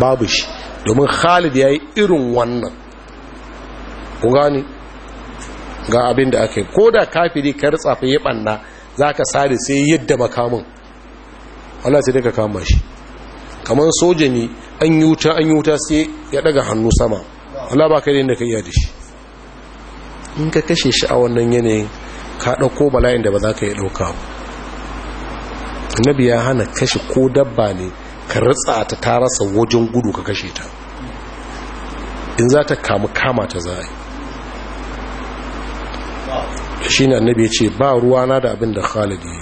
babu shi domin khalid ya yi irin wannan ku gani ga abin da aka yi ko da kafiri ka ritsafi ya ɓanna za ka sare sai yadda makamin Allah sai ka kama shi kamar soja ne an yi wuta an yi wuta sai ya daga hannu sama Allah ba ka da ka iya shi in ka kashe shi a wannan yanayin ka ɗauko bala'in da ba za ka yi ɗauka ba annabi ya hana kashe ko dabba ne ka ritsa ta ta rasa wajen gudu ka kashe ta in za ta kamu kama ta za a yi shi ne annabi ya ce ba ruwana da abin da khalid yi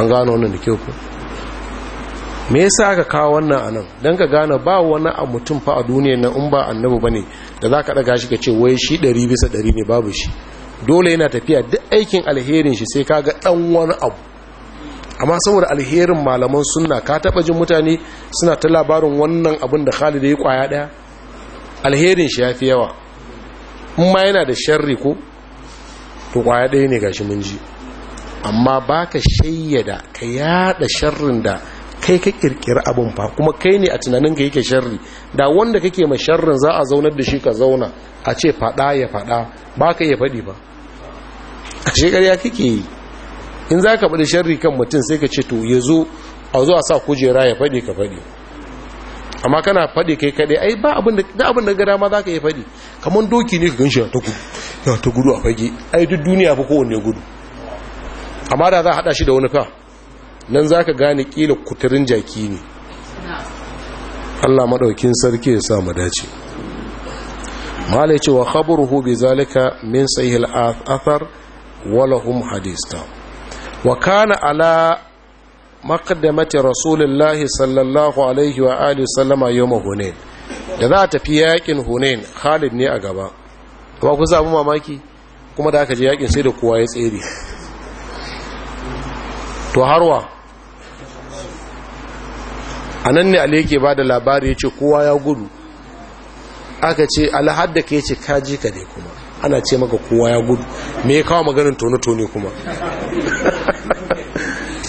an gano wannan da kyau ku me yasa aka kawo wannan anan don ka gane ba wani a mutum fa a duniya na in ba annabi bane da za ka ɗaga shi ka ce wai shi ɗari bisa ɗari ne babu shi dole yana tafiya duk aikin alherin shi sai kaga ɗan wani abu amma saboda alherin malaman sunna ka taɓa jin mutane suna ta labarin wannan abin da khalid ya yi kwaya ɗaya alherin shi ya fi yawa in ma yana da sharri ko to kwaya ɗaya ne gashi mun ji amma baka shayyada ka yada sharrin da kai ka kirkira abin fa kuma kai ne a tunanin ka yake sharri da wanda kake ma sharrin za a zaunar da shi ka zauna a ce fada ya fada ba ka iya faɗi ba a ƙarya kake yi in za ka fadi sharri kan mutum sai ka ce to ya zo a zo a sa kujera ya faɗi ka faɗi amma kana faɗi kai kaɗai ai ba abin da abin da gara ma za ka iya faɗi kamar doki ne ka ganshi ta gudu ta gudu a fage ai duk duniya fa kowanne gudu amma da za a haɗa shi da wani fa nan za ka gane ƙila kuturin jaki ne allah maɗaukin sarki ya samu dace malai cewa khabaruhu zalika min sahih athar walahum hadista wa kana ala maqdamati rasulillahi sallallahu alaihi wa alihi sallama yawm hunain da za ta fi yakin hunain khalid ne a gaba kuma ku samu mamaki kuma da aka je yakin sai da kowa ya tsere to harwa a nan ne ali ke ba da labari ya ce kowa ya gudu aka ce alhadda ka ce kaji ka ne kuma ana ce maka kowa ya gudu me ya kawo maganin tone-tone kuma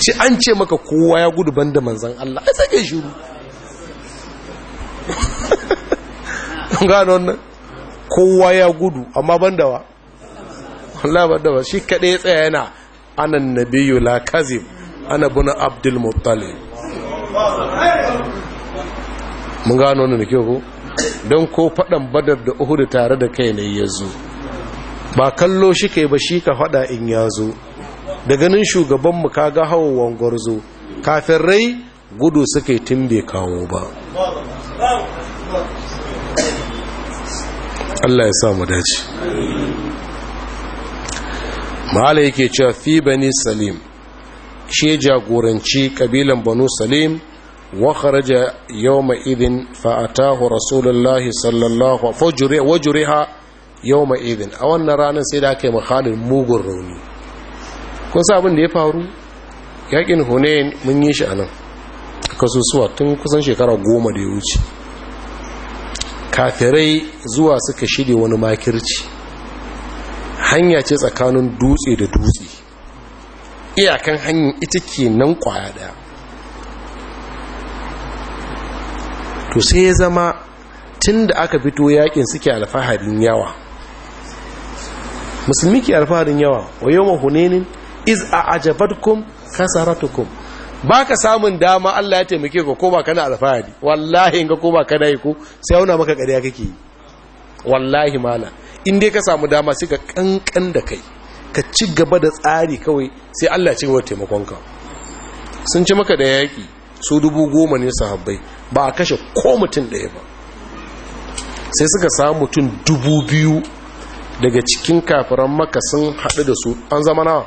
ce an ce maka kowa ya gudu banda manzan Allah a sake shuru gano wannan kowa ya gudu amma banda wa Allah banda wa shi kaɗai tsaye yana anan nabiyu la kazib ana buna abdul muttalib mun gano wannan da kyau ko don ko faɗan badar da uhudu tare da kai ne ya zo ba kallo shi kai ba shi ka faɗa in ya zo da ganin shugabanmu ka ga hawan gwarzo kafin rai gudu suke tun bai kawo ba Allah ya samu dace ma'ala yake cewa fi bani salim shi jagoranci kabilan banu salim wa kharaja yawma idin fa atahu rasulullahi sallallahu alaihi wa juriha yawma idin a wannan ranar sai da aka yi mahalin mugun rauni kun sa abin da ya faru yakin hunain mun yi shi anan. kasusuwa tun kusan shekara goma da ya wuce kafirai zuwa suka shirya wani makirci hanya ce tsakanin dutse da dutse iyakan hanyar ita ke nan kwaya daya to sai ya zama tun da aka fito yakin suke alfaharin yawa musulmi ke alfaharin yawa wa yau mahunenin iz a ajabatkun kasaratukun ba ka samun dama Allah ya taimake ka ko ba kana alfahari wallahi in ka ko ba kana yi ko sai auna maka ƙarya kake yi wallahi mala in dai ka samu dama sai ka kankan da kai ka ci gaba da tsari kawai sai Allah ce gaba taimakonka sun ci maka da yaƙi su dubu goma ne su sahabbai ba a kashe ko mutum ɗaya ba sai suka samu mutum dubu biyu daga cikin kafiran maka sun haɗu da su an zama nawa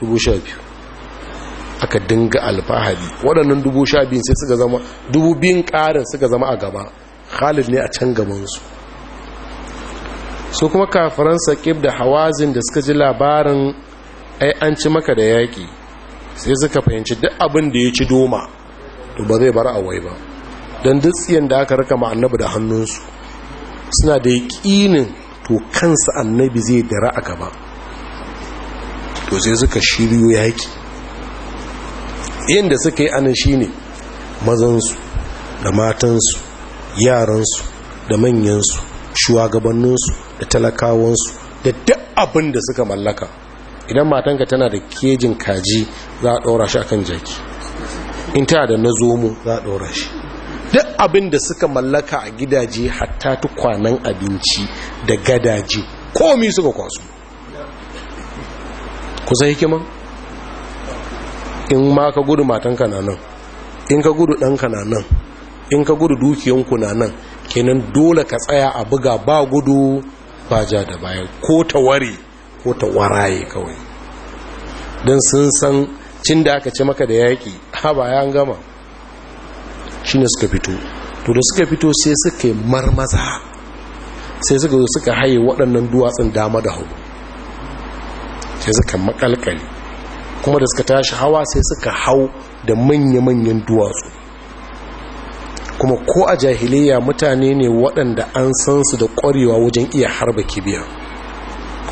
dubu sha biyu aka dinga alfahari waɗannan dubu sha biyu sai suka zama dubu biyun ƙarin suka zama a gaba khalid ne a can gabansu su kuma kafiran saƙib da hawazin da suka ji labarin ai an ci maka da yaƙi sai suka fahimci duk abin da ya ci doma to ba zai bar Awai ba don duk tsiyan da aka raka annabi da hannunsu suna da yaƙinin to kansa annabi zai dara a gaba to sai suka shiryo yaƙi inda suka yi anan shine mazansu da matansu yaransu da manyansu shugabanninsu da talakawansu da duk abin da suka mallaka idan matanka tana da kejin kaji za a ɗora shi akan jaki in tana da na zomo za a ɗora shi duk abin da suka mallaka a gidaje hatta tukwanen abinci da gadaje komi suka kwasu ku sai hikiman in ma ka gudu matanka na nan in ka gudu ɗanka na nan in ka gudu dukiyanku na nan kenan dole ka tsaya a buga ba gudu ba ja da baya ko ta ware ko ta waraye kawai don sun san cin da aka ce maka da yaƙi ha ba ya gama shi ne suka fito to da suka fito sai suka marmaza sai suka zo suka haye waɗannan duwatsun dama da hau sai suka makalkali kuma da suka tashi hawa sai suka hau da manya-manyan duwatsu kuma ko a jahiliya mutane ne waɗanda an san su da ƙwarewa wajen iya harba kibiya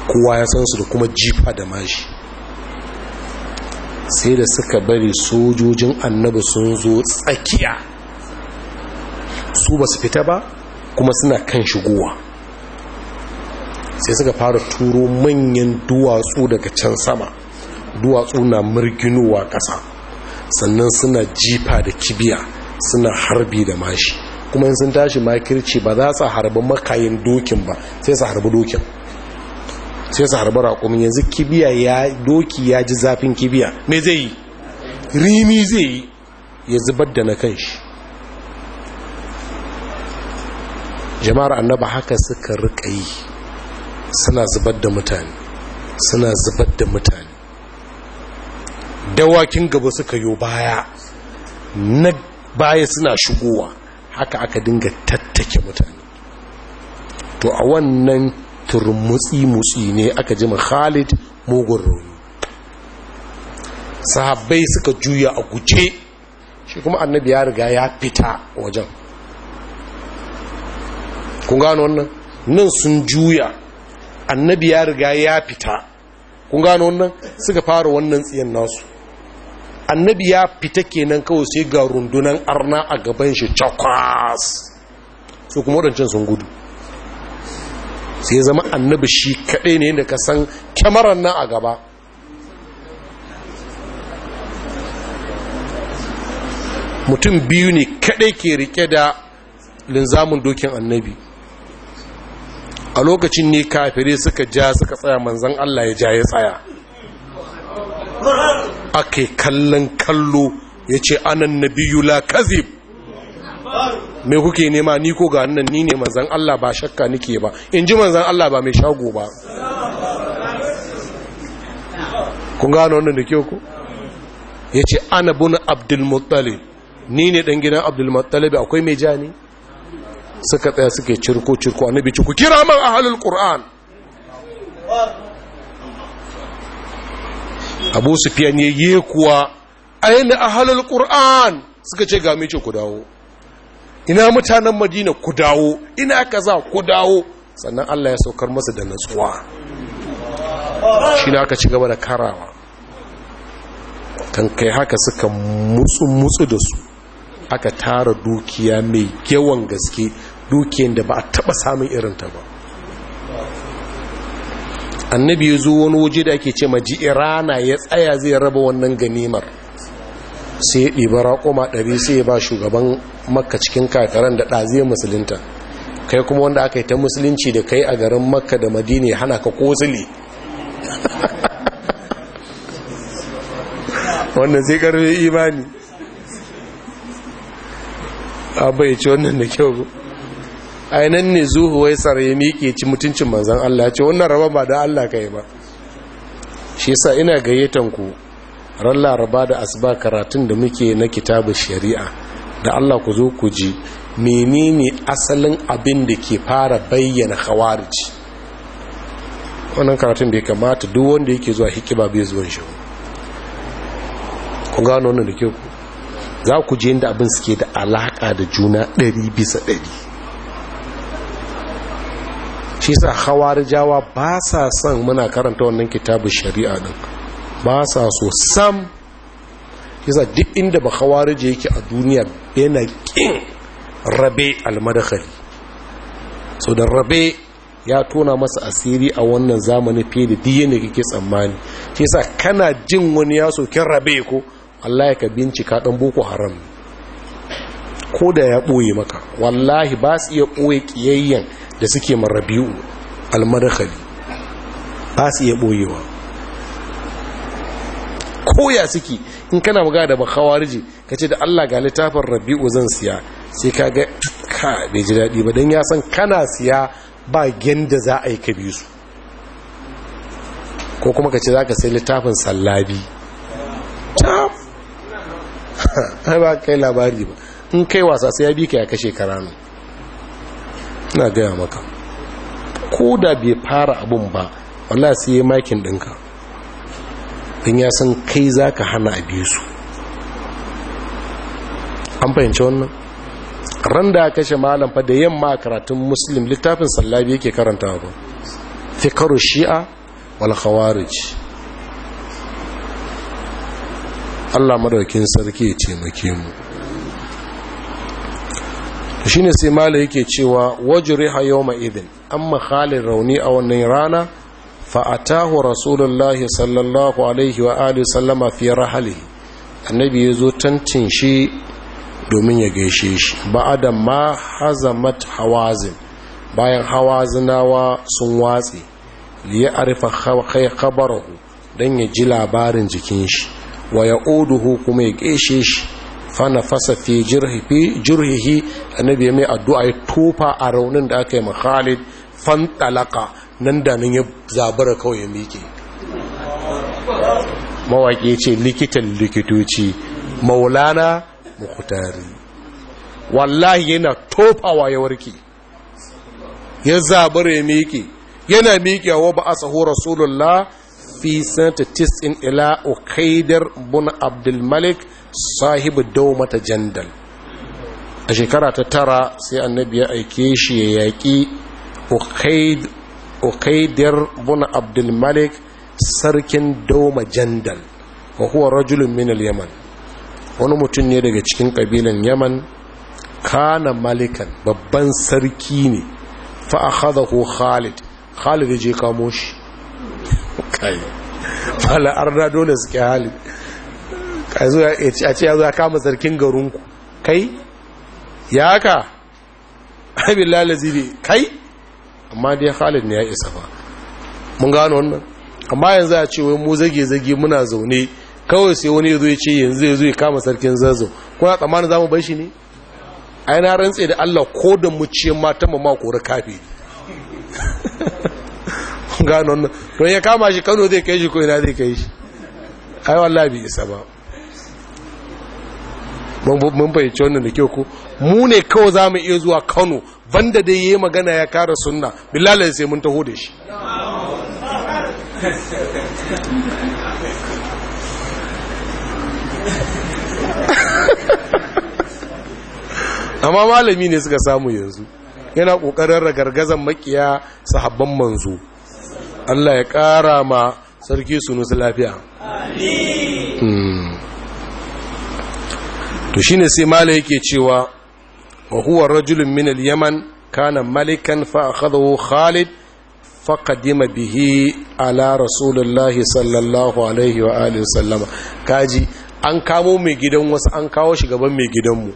kowa ya san su da kuma jifa da mashi sai da suka bari sojojin annabi sun zo tsakiya su ba su fita ba kuma suna kan shigowa sai suka fara turo manyan duwatsu daga can sama duwatsu na murginowa ƙasa sannan suna jifa da kibiya suna harbi da mashi kuma in sun tashi makirci ba za su harbi makayin dokin ba sai su harbi dokin sai su harbi raƙumin yanzu kibiya ya doki ya ji zafin kibiya me zai yi rimi zai yi ya zubar da na kan shi jama'ar annaba haka suka rika yi suna zubar da mutane suna zubar da mutane dawakin gaba suka yi baya na baya suna shigowa haka aka dinga tattake mutane to a wannan turmutsi-mutsi ne aka ji khalid mugun roni sahabbai suka juya a guje shi kuma annabi ya riga ya fita wajen kun gano wannan nan sun juya annabi ya riga ya fita kun gano wannan suka fara wannan tsiyan nasu annabi ya fita kenan kawai sai ga rundunan arna a gaban shi cakwas su kuma waɗancan sun gudu sai zama annabi shi kaɗai ne da ka san kyamarar nan a gaba mutum biyu ne kaɗai ke rike da linzamin dokin annabi a lokacin ne kafirai suka ja suka tsaya manzan Allah ya ja ya tsaya ake kallon kallo ya ce anan na biyu la kazib mai kuke nema ni ko ga nan ni ne manzan Allah ba shakka nike ba in ji manzan Allah ba mai shago ba kun gano wannan da kyau ku ya ce ana bin abdulmuttalib ni ne ɗan gidan abdulmuttalib akwai mai ja ne suka tsaya suke cirko-cirko a ci ku kira man ahalul qur'an abu fiye ya yi kuwa a aina ahalul qur'an suka ce ga ce ku dawo ina mutanen madina ku dawo ina kaza ku dawo sannan Allah ya saukar masa da nutsuwa. shi na aka ci gaba da karawa kan kai haka suka mutsu mutsu da su aka tara dukiya mai yawan gaske dukiyan da ba a taba samun irinta ba annabi ya zo wani waje da ake ce irana ya tsaya zai raba wannan ganimar sai ya ɗiba raƙoma ɗari sai ya ba shugaban makka cikin kakaran da ɗaziyar musulunta kai kuma wanda aka yi ta musulunci da kai a garin makka da madina hana ka kosili wannan sai karfe imani abai ci wannan da kyau ainihin ne zuhu wai ya miƙe ci mutuncin manzan Allah ce wannan raba ba da Allah kai ba shi yasa ina gayyatan ku ran laraba da asuba karatun da muke na kitabu shari'a da Allah ku zo ku ji menene asalin abin da ke fara bayyana khawarij wannan karatun bai kamata duk wanda yake zuwa hikima bai zuwan shi ku gano wannan da ke ku za ku je inda abin suke da alaka da juna ɗari bisa ɗari shi sa hawarijawa ba sa son muna karanta wannan kitabu shari'a din ba sa so sam yasa duk inda ba hawarije yake a duniya yana kin rabe almadakhali so da rabe ya tona masa asiri a wannan zamani fiye da diye ne kake tsammani shi sa kana jin wani ya kin rabe ko wallahi ka bincika dan boko haram ko da ya ɓoye maka wallahi ba su iya ɓoye ƙiyayyen da suke marabiyu almadakali ba su iya boyewa koya suke in kana magana da bakawarji ka ce da Allah ga littafin rabi'u zan siya sai ka ga ka bai ji daɗi ba don ya san kana siya ba gyanda za a yi ka bi su ko kuma ka ce za ka sai littafin sallabi ta ba kai labari ba in kai wasa sai ya bi ka ya kashe karanu ina gaya maka ko da bai fara abun ba wala sai yi makin ɗinka don ya san kai za ka hana a biyu su an fahimci wannan ran da kashe malam fa da yamma a karatun muslim littafin sallabi yake karanta ba karo shi'a wal khawarij Allah madaukin sarki ya taimake mu shine sai mala yake cewa yau ma idin an makhalin rauni a wannan rana fa atahu rasulullahi sallallahu alaihi wa alihi sallama fi rahalihi annabi ya zo tantin shi domin ya gaishe shi adam ma hazamat hawazin bayan hawazinawa sun watsi liya arifa kai kabarahu, don ya ji labarin jikin shi wa ya oduhu kuma ya gaishe shi fana fasa fi jirhihi annabi ya mai addu'a ya tofa a raunin da aka yi ma khalid fantalaka nan da nan ya zabara kawai ya miƙe mawaƙi ce likitan likitoci maulana mukutari wallahi yana tofawa ya warke ya zabara ya miƙe yana wa ba a saho rasulullah fi santa tis'in ila ukaidar bun abdulmalik sahibu daumata jandal a shekara ta tara sai annabi ya aike shi ya yaƙi ukaidiyar buna abdulmalik sarkin dauma jandal wa kuwa rajulun minal yaman wani mutum ne daga cikin ƙabilan yaman kana malikan babban sarki ne ko khalid khalid ya je kamo shi kayi fala na dole suke halid a ce ya zo ya kama sarkin garinku kai ya haka abin lalazi ne kai amma dai halin ne ya isa ba mun gano wannan amma yanzu a ce wai mu zage-zage muna zaune kawai sai wani zo ya ce yanzu ya zo ya kama sarkin zazzau kuna tsammanin zamu bai shi ne a yana rantse da allah ko da mu ce mata ma makora kafe gano wannan don ya kama shi kano zai kai shi ko ina zai kai shi ai wallahi bai isa ba mun fahimci wannan da kyau ko mu ne kawai za mu iya zuwa kano banda da yi magana ya kara sunna bilalai sai mun taho da shi amma malami ne suka samu yanzu yana ƙoƙarin ragargazan makiya sahabban manzo Allah ya ƙara ma sarki su lafiya. Hmm. to shine sai mala yake cewa wa huwa rajulun min al-yaman kana malikan fa akhadahu khalid fa qadima bihi ala rasulillahi sallallahu alaihi wa alihi sallama kaji an kamo mai gidan wasu an kawo shi gaban mai gidanmu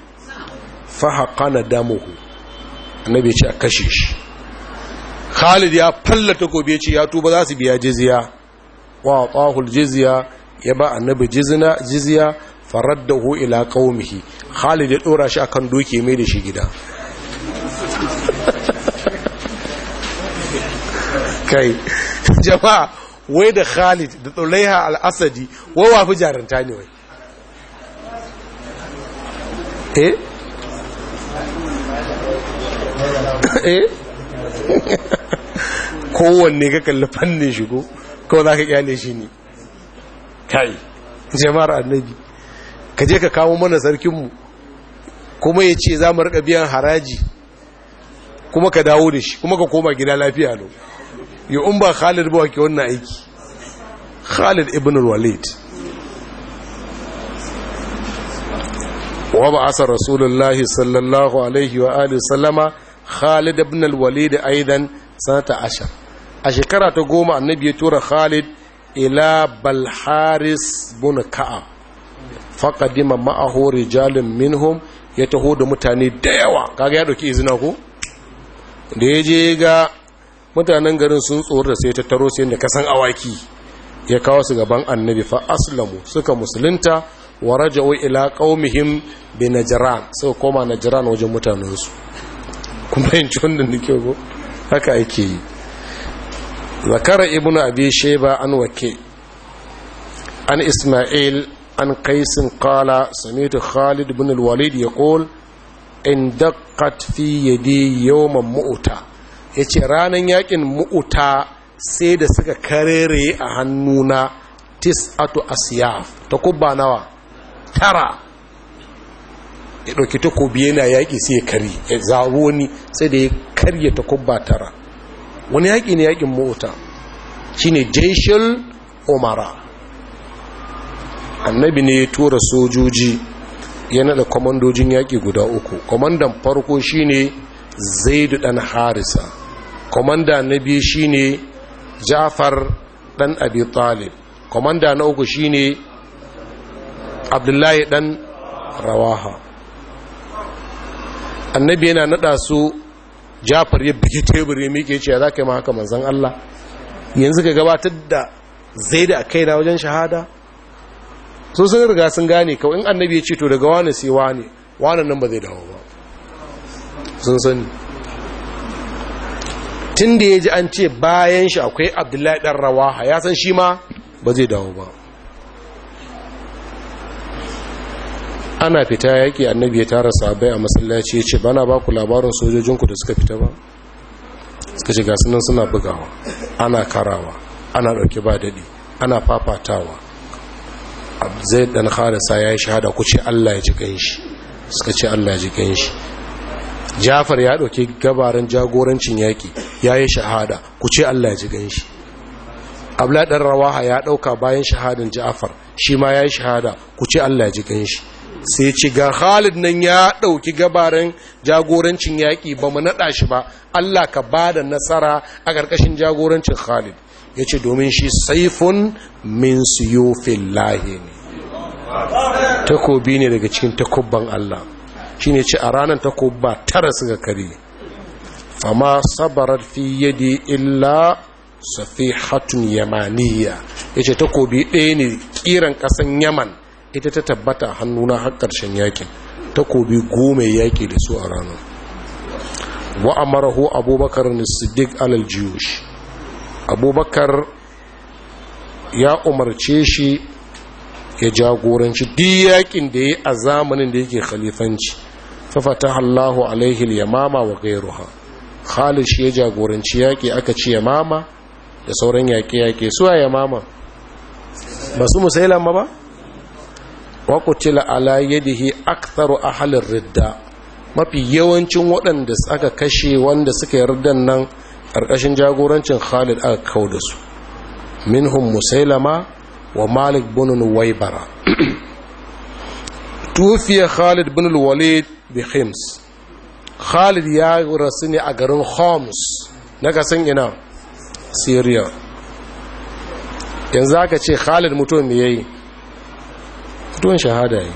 fa haqana damuhu annabi ce a kashe shi khalid ya fallata gobe ce ya tuba za su biya jizya wa atahul jizya ya ba annabi jizna jizya faraddahu ila qaumihi Khalid ya dora shi akan doke mai da shi gida kai jama'a wai da Khalid da Tsulaiha al-Asadi wai wafi jaranta ne wai eh eh kowanne ka kalli fannin shigo kawai za ka kyale shi ne kai jama'ar annabi ka je ka kawo mana sarkinmu kuma ya ce za mu rika biyan haraji kuma ka dawo da shi kuma ka koma gida lafiya lo yi un ba khalid ba wake wannan aiki khalid ibn walid wa ba asar rasulullahi sallallahu alaihi wa alihi sallama khalid ibn walid aidan sanata ashar a shekara ta goma annabi ya tura khalid ila balharis bin Ka'a. faqadima ma'ahu rijalun minhum ya taho da mutane da yawa kaga ya ɗauki izina ko da ya je ga mutanen garin sun tsoro da sai ta taro sai da kasan awaki ya kawo su gaban annabi fa aslamu suka musulunta wa raja'u ila qaumihim bi najran suka koma najran wajen su. kun fahimci wannan da nake ko haka ake yi zakara ibnu abi shayba an wake an isma'il عن قيس قال سمعت خالد بن الوليد يقول indaqat fi yadi yawman mu'uta yace ranar yaƙin mu'uta sai da suka re a hannuna tis'atu asyaf takubba nawa tara ya dauki takobi yana yaki sai ya kari ya zaro wani sai da ya karye takubba tara wani yaki ne yakin mu'uta shine jaishul umara annabi ne ya tura sojoji ya nada kwamandojin yaƙi guda uku kwamandan farko shine zaidu dan harisa kwamanda na biyu shine jafar dan abi talib kwamanda na uku shine abdullahi dan rawaha annabi yana naɗa su jafar ya bigi tebur ya mike ce za ka yi ma haka manzan allah yanzu ka gabatar da zaidu a na wajen shahada so sun riga sun gane kawai in annabi ya ce to daga wani sai wani wannan nan ba zai dawo ba sun sani tun da ya ji an ce bayan shi akwai abdullahi ɗan rawaha ya san shi ma ba zai dawo ba ana fita yaƙi annabi ya tara sabai a masallaci ya ce bana baku ku labarin sojojinku da suka fita ba suka ce suna bugawa ana karawa ana ɗauke ba daɗi ana fafatawa zai dan harisa ya yi shahada ku ce allah ya ji ganshi suka ce allah ya ji ganshi jafar ya ɗauki gabarin jagorancin yaƙi ya yi shahada ku ce allah ya ji ganshi abladar rawaha ya ɗauka bayan shahadin jafar shi ma ya yi shahada ku ce allah ya ji ganshi sai ci ga khalid nan ya ɗauki gabarin jagorancin yaƙi ba mu naɗa shi ba allah ka ba da nasara a ƙarƙashin jagorancin khalid ya ce domin shi saifun min siyofin lahi ne takobi ne daga cikin takobban Allah shi ne ce a ranar takobba tara suka kare fama sabarar fi yadi illa safi hatun yamaniya ya ce takobi ɗaya ne kiran ƙasan yaman ita ta tabbata hannuna har ƙarshen yakin takobi goma yaƙi da su a ranar hu abubakar nisidik alal jiyoshi abubakar ya umarce shi ya jagoranci duk yakin da ya yi a zamanin da yake khalifanci fata Allahu alaihi yamama wa gairuha Khalid shi ya jagoranci yaki aka ce yamama da sauran yaƙe-yaƙe suwa yamama ba su musailama ba Wakutila ala yadihi a halin ridda mafi yawancin waɗanda aka kashe wanda suka yarda nan ƙarƙashin jagorancin khalid aka kau da su minhum musailama wa malik bin waibara tufiya khalid bin walid bi khims khalid ya rasu ne a garin homs na kasan ina syria yanzu aka ce khalid mutum mai yayi mutuwan shahada yi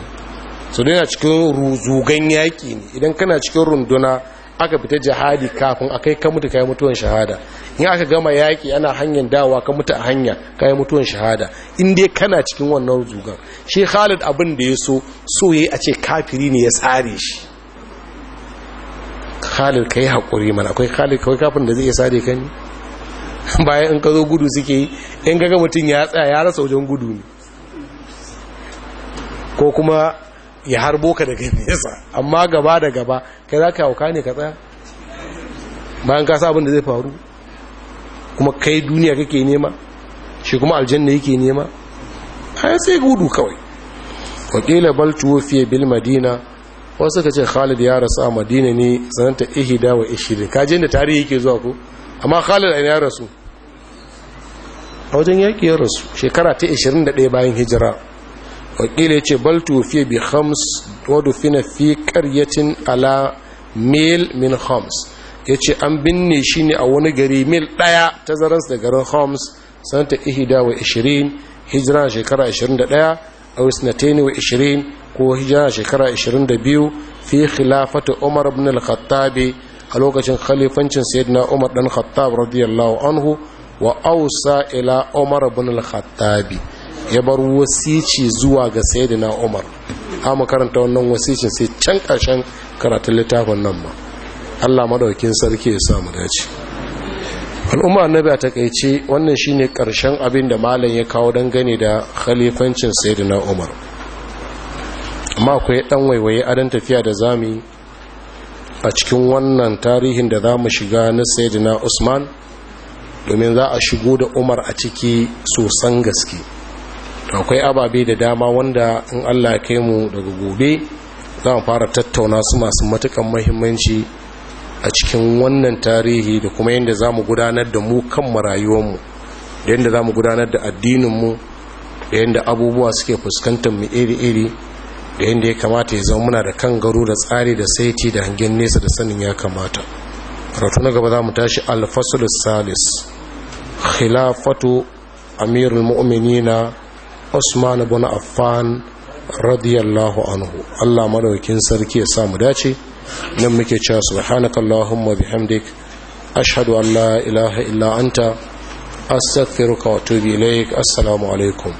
su dina cikin ruzugan yaƙi ne idan kana cikin runduna aka fita jihadi kafin a kai ka mutu kai mutuwan shahada in aka gama yaki ana hanyar dawa ka mutu a hanya kai mutuwan shahada in dai kana cikin wannan zugan shi Khalid abin da ya so so yayi a ce kafiri ne ya tsare shi Khalid kai hakuri mana akwai Khalid kai kafin da zai ya sare kan bayan in ka zo gudu suke yi in kaga mutum ya tsaya ya rasa wajen gudu ne ko kuma ya harbo ka daga nesa amma gaba da gaba kai za ka hauka ne ka tsaya bayan ka sa abin da zai faru kuma kai duniya kake nema shi kuma aljanna yake nema ai sai gudu kawai wakila bal tuwfiya bil madina wasu suka ce Khalid ya rasu a Madina ne sananta ihida wa ishirin kaji da tarihi yake zuwa ko amma Khalid ainihin ya rasu a wajen yaƙi ya rasu shekara ta 21 bayan hijira wakil ya ce bal tufi bi hams wadda fina fi karyatin ala mil min hams ya ce an binne shi ne a wani gari mil ɗaya ta zaransu da garin homs sanata ihida wa ishirin hijira shekara 21 da ɗaya a wisnatani wa ishirin ko hijira shekara 22 da biyu fi khilafata umar ibn al-khattabi a lokacin khalifancin sayyidina umar dan khattab radiyallahu anhu wa ausa ila umar ibn al-khattabi ya bar wasici zuwa ga sayyidina umar a karanta wannan wasicin sai can ƙarshen karatun littafin nan ma allah madaukin sarki ya samu dace al'umma annabi a takaice wannan shine ƙarshen abin da malam ya kawo dangane da khalifancin sayyidina umar amma akwai ɗan waiwaye adon tafiya da zami a cikin wannan tarihin da za mu shiga na sayyidina usman domin za a shigo da umar a ciki sosan gaske akwai ababe da dama wanda in allah ke mu daga gobe za mu fara tattauna su masu matukan mahimmanci a cikin wannan tarihi da kuma yadda za mu gudanar da mu kan marayuwanmu da yadda za mu gudanar da addininmu da yadda abubuwa suke fuskantar mu iri-iri da yadda ya kamata ya zama muna da kan garu da tsari da saiti da hangen nesa da sanin ya kamata karatu na gaba za mu tashi alfasul salis khilafatu amirul mu'minina Usman ibn Affan radiyallahu anhu Allah madaukin sarki ya samu dace nan muke cewa subhanakallahumma bihamdik ashhadu an la ilaha illa anta astaghfiruka wa atubu ilaik assalamu alaikum